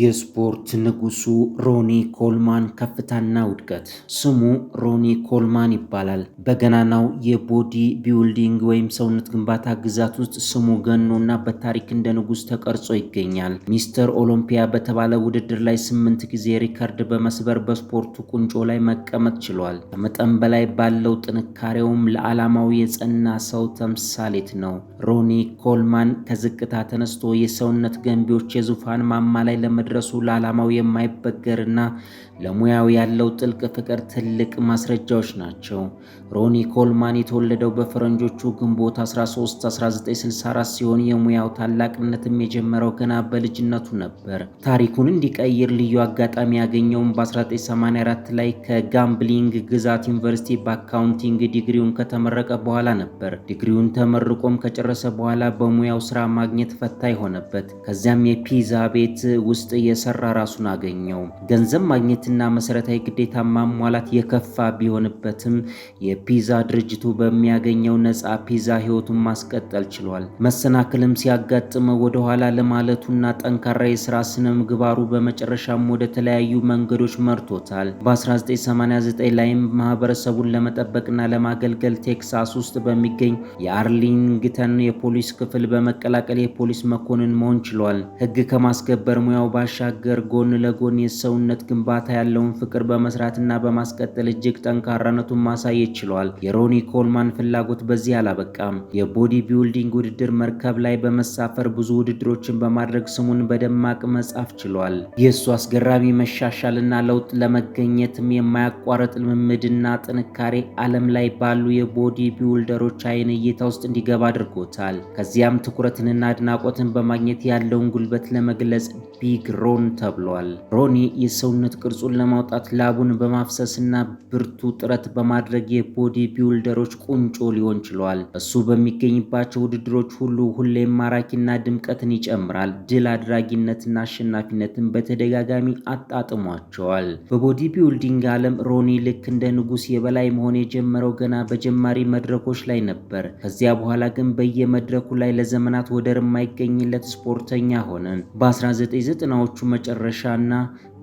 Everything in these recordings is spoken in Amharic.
የስፖርት ንጉሱ ሮኒ ኮልማን ከፍታና ውድቀት። ስሙ ሮኒ ኮልማን ይባላል። በገናናው የቦዲ ቢውልዲንግ ወይም ሰውነት ግንባታ ግዛት ውስጥ ስሙ ገኖና በታሪክ እንደ ንጉስ ተቀርጾ ይገኛል። ሚስተር ኦሎምፒያ በተባለ ውድድር ላይ ስምንት ጊዜ ሪከርድ በመስበር በስፖርቱ ቁንጮ ላይ መቀመጥ ችሏል። ከመጠን በላይ ባለው ጥንካሬውም ለዓላማው የጸና ሰው ተምሳሌት ነው። ሮኒ ኮልማን ከዝቅታ ተነስቶ የሰውነት ገንቢዎች የዙፋን ማማ ላይ መድረሱ ለዓላማው የማይበገርና ለሙያው ያለው ጥልቅ ፍቅር ትልቅ ማስረጃዎች ናቸው። ሮኒ ኮልማን የተወለደው በፈረንጆቹ ግንቦት 13 1964 ሲሆን የሙያው ታላቅነትም የጀመረው ገና በልጅነቱ ነበር። ታሪኩን እንዲቀይር ልዩ አጋጣሚ ያገኘውም በ1984 ላይ ከጋምብሊንግ ግዛት ዩኒቨርሲቲ በአካውንቲንግ ዲግሪውን ከተመረቀ በኋላ ነበር። ዲግሪውን ተመርቆም ከጨረሰ በኋላ በሙያው ስራ ማግኘት ፈታ ሆነበት። ከዚያም የፒዛ ቤት ውስጥ የሰራ ራሱን አገኘው። ገንዘብ ማግኘት የዋስትና መሰረታዊ ግዴታ ማሟላት የከፋ ቢሆንበትም የፒዛ ድርጅቱ በሚያገኘው ነፃ ፒዛ ህይወቱን ማስቀጠል ችሏል። መሰናክልም ሲያጋጥመው ወደኋላ ለማለቱና ጠንካራ የስራ ስነ ምግባሩ በመጨረሻም ወደ ተለያዩ መንገዶች መርቶታል። በ1989 ላይም ማህበረሰቡን ለመጠበቅና ለማገልገል ቴክሳስ ውስጥ በሚገኝ የአርሊንግተን የፖሊስ ክፍል በመቀላቀል የፖሊስ መኮንን መሆን ችሏል። ህግ ከማስከበር ሙያው ባሻገር ጎን ለጎን የሰውነት ግንባታ ያለውን ፍቅር በመስራትና በማስቀጠል እጅግ ጠንካራነቱን ማሳየት ችሏል። የሮኒ ኮልማን ፍላጎት በዚህ አላበቃም። የቦዲ ቢውልዲንግ ውድድር መርከብ ላይ በመሳፈር ብዙ ውድድሮችን በማድረግ ስሙን በደማቅ መጻፍ ችሏል። የእሱ አስገራሚ መሻሻልና ለውጥ ለመገኘትም የማያቋረጥ ልምምድና ጥንካሬ ዓለም ላይ ባሉ የቦዲ ቢውልደሮች አይን እይታ ውስጥ እንዲገባ አድርጎታል። ከዚያም ትኩረትንና አድናቆትን በማግኘት ያለውን ጉልበት ለመግለጽ ቢግ ሮን ተብሏል። ሮኒ የሰውነት ቅርጹ እሱን ለማውጣት ላቡን በማፍሰስና ብርቱ ጥረት በማድረግ የቦዲ ቢውልደሮች ቁንጮ ሊሆን ችሏል። እሱ በሚገኝባቸው ውድድሮች ሁሉ ሁሌም ማራኪና ድምቀትን ይጨምራል። ድል አድራጊነትና አሸናፊነትን በተደጋጋሚ አጣጥሟቸዋል። በቦዲ ቢውልዲንግ ዓለም ሮኒ ልክ እንደ ንጉስ የበላይ መሆን የጀመረው ገና በጀማሪ መድረኮች ላይ ነበር። ከዚያ በኋላ ግን በየመድረኩ ላይ ለዘመናት ወደር የማይገኝለት ስፖርተኛ ሆነ። በ1990ዎቹ መጨረሻና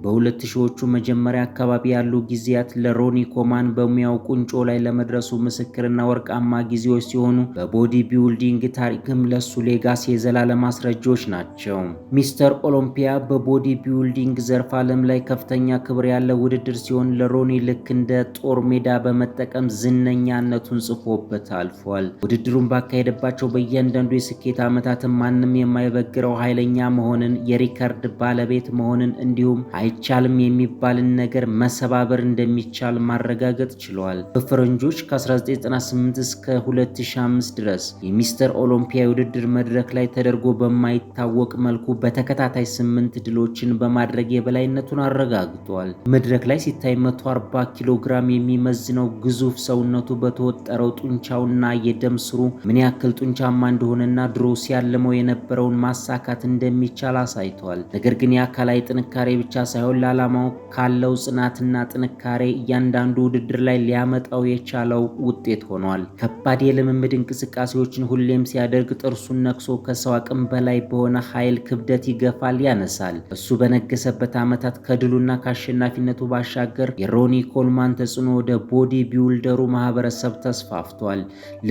በሁለት ሺዎቹ መጀመሪያ አካባቢ ያሉ ጊዜያት ለሮኒ ኮማን በሙያው ቁንጮ ላይ ለመድረሱ ምስክርና ወርቃማ ጊዜዎች ሲሆኑ በቦዲ ቢውልዲንግ ታሪክም ለሱ ሌጋሲ የዘላለም ማስረጃዎች ናቸው። ሚስተር ኦሎምፒያ በቦዲ ቢውልዲንግ ዘርፍ ዓለም ላይ ከፍተኛ ክብር ያለው ውድድር ሲሆን ለሮኒ ልክ እንደ ጦር ሜዳ በመጠቀም ዝነኛነቱን ጽፎበት አልፏል። ውድድሩን ባካሄደባቸው በእያንዳንዱ የስኬት ዓመታትን ማንም የማይበግረው ኃይለኛ መሆንን የሪከርድ ባለቤት መሆንን እንዲሁም አይቻልም የሚባልን ነገር መሰባበር እንደሚቻል ማረጋገጥ ችሏል። በፈረንጆች ከ1998 እስከ 2005 ድረስ የሚስተር ኦሎምፒያ የውድድር መድረክ ላይ ተደርጎ በማይታወቅ መልኩ በተከታታይ ስምንት ድሎችን በማድረግ የበላይነቱን አረጋግጧል። መድረክ ላይ ሲታይ 140 ኪሎ ግራም የሚመዝነው ግዙፍ ሰውነቱ በተወጠረው ጡንቻውና የደም ስሩ ምን ያክል ጡንቻማ እንደሆነና ድሮ ሲያልመው የነበረውን ማሳካት እንደሚቻል አሳይቷል። ነገር ግን የአካላዊ ጥንካሬ ብቻ ሳይሆን ለዓላማው ካለው ጽናትና ጥንካሬ እያንዳንዱ ውድድር ላይ ሊያመጣው የቻለው ውጤት ሆኗል። ከባድ የልምምድ እንቅስቃሴዎችን ሁሌም ሲያደርግ ጥርሱን ነክሶ ከሰው አቅም በላይ በሆነ ኃይል ክብደት ይገፋል፣ ያነሳል። እሱ በነገሰበት ዓመታት ከድሉና ከአሸናፊነቱ ባሻገር የሮኒ ኮልማን ተጽዕኖ ወደ ቦዲ ቢውልደሩ ማህበረሰብ ተስፋፍቷል።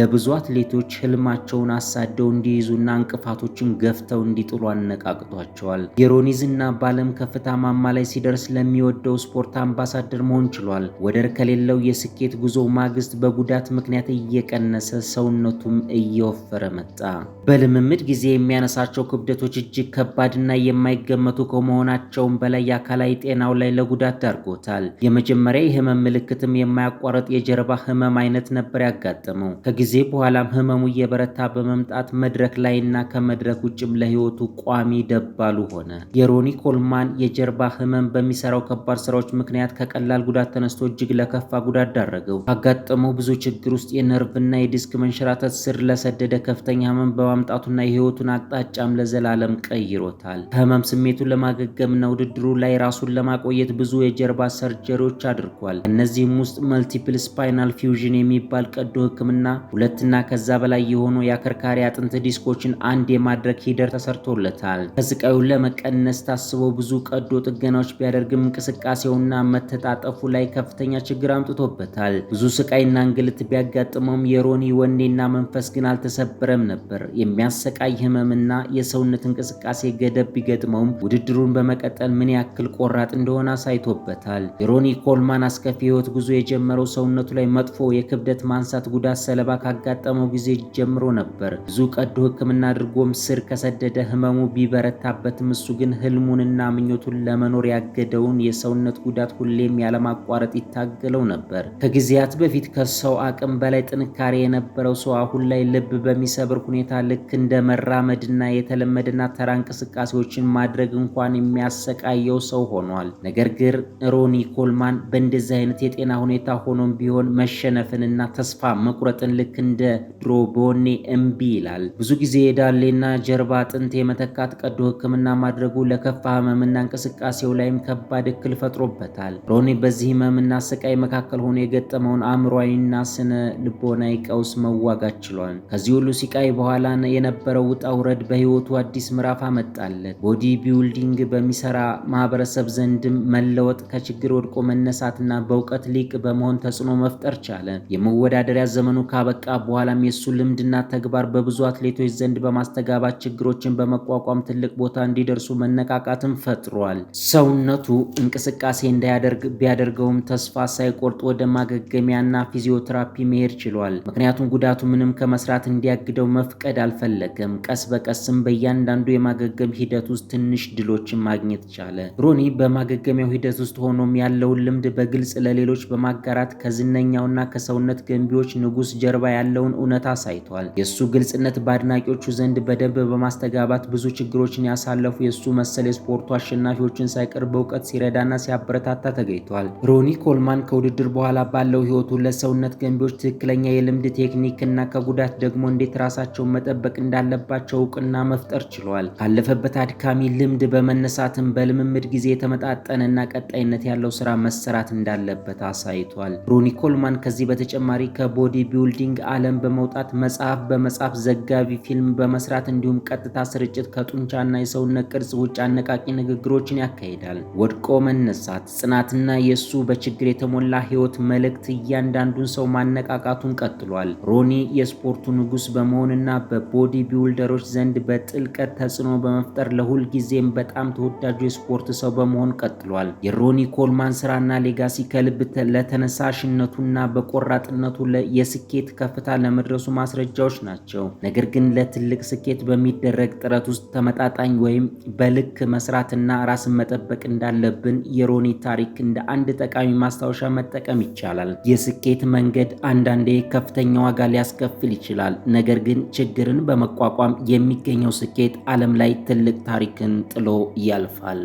ለብዙ አትሌቶች ህልማቸውን አሳደው እንዲይዙና እንቅፋቶችን ገፍተው እንዲጥሉ አነቃቅቷቸዋል። የሮኒ ዝና በዓለም ከፍታ ማማ ላይ ሲደርስ ለሚወደው ስፖርት አምባሳደር መሆን ችሏል። ወደር ከሌለው የስኬት ጉዞ ማግስት በጉዳት ምክንያት እየቀነሰ ሰውነቱም እየወፈረ መጣ። በልምምድ ጊዜ የሚያነሳቸው ክብደቶች እጅግ ከባድና የማይገመቱ ከመሆናቸውም በላይ የአካላዊ ጤናው ላይ ለጉዳት ዳርጎታል። የመጀመሪያ የህመም ምልክትም የማያቋርጥ የጀርባ ህመም አይነት ነበር ያጋጠመው። ከጊዜ በኋላም ህመሙ እየበረታ በመምጣት መድረክ ላይና ከመድረክ ውጭም ለህይወቱ ቋሚ ደባሉ ሆነ። የሮኒ ኮልማን የጀርባ ህመም በሚሰራው ከባድ ስራዎች ምክንያት ከቀላል ጉዳት ተነስቶ እጅግ ለከፋ ጉዳት ዳረገው። ካጋጠመው ብዙ ችግር ውስጥ የነርቭና የዲስክ መንሸራተት ስር ለሰደደ ከፍተኛ ህመም በማምጣቱና የህይወቱን አቅጣጫም ለዘላለም ቀይሮታል። ከህመም ስሜቱን ለማገገምና ውድድሩ ላይ ራሱን ለማቆየት ብዙ የጀርባ ሰርጀሪዎች አድርጓል። ከእነዚህም ውስጥ መልቲፕል ስፓይናል ፊውዥን የሚባል ቀዶ ህክምና፣ ሁለትና ከዛ በላይ የሆኑ የአከርካሪ አጥንት ዲስኮችን አንድ የማድረግ ሂደር ተሰርቶለታል። ከስቃዩን ለመቀነስ ታስቦ ብዙ ቀዶ ጥገና ጫናዎች ቢያደርግም እንቅስቃሴውና መተጣጠፉ ላይ ከፍተኛ ችግር አምጥቶበታል። ብዙ ስቃይና እንግልት ቢያጋጥመውም የሮኒ ወኔና መንፈስ ግን አልተሰበረም ነበር። የሚያሰቃይ ህመምና የሰውነት እንቅስቃሴ ገደብ ቢገጥመውም ውድድሩን በመቀጠል ምን ያክል ቆራጥ እንደሆነ አሳይቶበታል። የሮኒ ኮልማን አስከፊ ህይወት ጉዞ የጀመረው ሰውነቱ ላይ መጥፎ የክብደት ማንሳት ጉዳት ሰለባ ካጋጠመው ጊዜ ጀምሮ ነበር። ብዙ ቀዶ ህክምና አድርጎም ስር ከሰደደ ህመሙ ቢበረታበትም እሱ ግን ህልሙንና ምኞቱን ለመኖር ያገደውን የሰውነት ጉዳት ሁሌም ያለማቋረጥ ይታገለው ነበር። ከጊዜያት በፊት ከሰው አቅም በላይ ጥንካሬ የነበረው ሰው አሁን ላይ ልብ በሚሰብር ሁኔታ ልክ እንደ መራመድና የተለመደና ተራ እንቅስቃሴዎችን ማድረግ እንኳን የሚያሰቃየው ሰው ሆኗል። ነገር ግን ሮኒ ኮልማን በእንደዚህ አይነት የጤና ሁኔታ ሆኖም ቢሆን መሸነፍንና ተስፋ መቁረጥን ልክ እንደ ድሮ በወኔ እምቢ ይላል። ብዙ ጊዜ የዳሌና ጀርባ አጥንት የመተካት ቀዶ ሕክምና ማድረጉ ለከፋ ህመምና እንቅስቃሴው ላይም ከባድ እክል ፈጥሮበታል። ሮኒ በዚህ ህመምና ስቃይ መካከል ሆኖ የገጠመውን አእምሯዊና ስነ ልቦናዊ ቀውስ መዋጋት ችሏል። ከዚህ ሁሉ ስቃይ በኋላ የነበረው ውጣ ውረድ በህይወቱ አዲስ ምዕራፍ አመጣለት። ቦዲ ቢውልዲንግ በሚሰራ ማህበረሰብ ዘንድም መለወጥ ከችግር ወድቆ መነሳትና በእውቀት ሊቅ በመሆን ተጽዕኖ መፍጠር ቻለ። የመወዳደሪያ ዘመኑ ካበቃ በኋላም የእሱ ልምድና ተግባር በብዙ አትሌቶች ዘንድ በማስተጋባት ችግሮችን በመቋቋም ትልቅ ቦታ እንዲደርሱ መነቃቃትን ፈጥሯል። ሰው ሰውነቱ እንቅስቃሴ እንዳያደርግ ቢያደርገውም ተስፋ ሳይቆርጥ ወደ ማገገሚያና ፊዚዮተራፒ መሄድ ችሏል። ምክንያቱም ጉዳቱ ምንም ከመስራት እንዲያግደው መፍቀድ አልፈለገም። ቀስ በቀስም በእያንዳንዱ የማገገም ሂደት ውስጥ ትንሽ ድሎችን ማግኘት ቻለ። ሮኒ በማገገሚያው ሂደት ውስጥ ሆኖም ያለውን ልምድ በግልጽ ለሌሎች በማጋራት ከዝነኛውና ከሰውነት ገንቢዎች ንጉሥ ጀርባ ያለውን እውነት አሳይቷል። የእሱ ግልጽነት በአድናቂዎቹ ዘንድ በደንብ በማስተጋባት ብዙ ችግሮችን ያሳለፉ የእሱ መሰል የስፖርቱ አሸናፊዎችን ሳይ ሳይቀር በእውቀት ሲረዳና ሲያበረታታ ተገኝቷል። ሮኒ ኮልማን ከውድድር በኋላ ባለው ህይወቱ ለሰውነት ገንቢዎች ትክክለኛ የልምድ ቴክኒክ እና ከጉዳት ደግሞ እንዴት ራሳቸውን መጠበቅ እንዳለባቸው እውቅና መፍጠር ችሏል። ካለፈበት አድካሚ ልምድ በመነሳትም በልምምድ ጊዜ የተመጣጠነና ቀጣይነት ያለው ስራ መሰራት እንዳለበት አሳይቷል። ሮኒ ኮልማን ከዚህ በተጨማሪ ከቦዲ ቢልዲንግ ዓለም በመውጣት መጽሐፍ በመጻፍ ዘጋቢ፣ ፊልም በመስራት እንዲሁም ቀጥታ ስርጭት ከጡንቻና የሰውነት ቅርጽ ውጭ አነቃቂ ንግግሮችን ያካሄዳል። ይሄዳል። ወድቆ መነሳት፣ ጽናትና የእሱ በችግር የተሞላ ህይወት መልእክት እያንዳንዱን ሰው ማነቃቃቱን ቀጥሏል። ሮኒ የስፖርቱ ንጉስ በመሆንና በቦዲ ቢውልደሮች ዘንድ በጥልቀት ተጽዕኖ በመፍጠር ለሁል ጊዜም በጣም ተወዳጁ የስፖርት ሰው በመሆን ቀጥሏል። የሮኒ ኮልማን ስራና ሌጋሲ ከልብ ለተነሳሽነቱና በቆራጥነቱ የስኬት ከፍታ ለመድረሱ ማስረጃዎች ናቸው። ነገር ግን ለትልቅ ስኬት በሚደረግ ጥረት ውስጥ ተመጣጣኝ ወይም በልክ መስራትና ራስን መጠበቅ መጠበቅ እንዳለብን የሮኒ ታሪክ እንደ አንድ ጠቃሚ ማስታወሻ መጠቀም ይቻላል። የስኬት መንገድ አንዳንዴ ከፍተኛ ዋጋ ሊያስከፍል ይችላል። ነገር ግን ችግርን በመቋቋም የሚገኘው ስኬት ዓለም ላይ ትልቅ ታሪክን ጥሎ ያልፋል።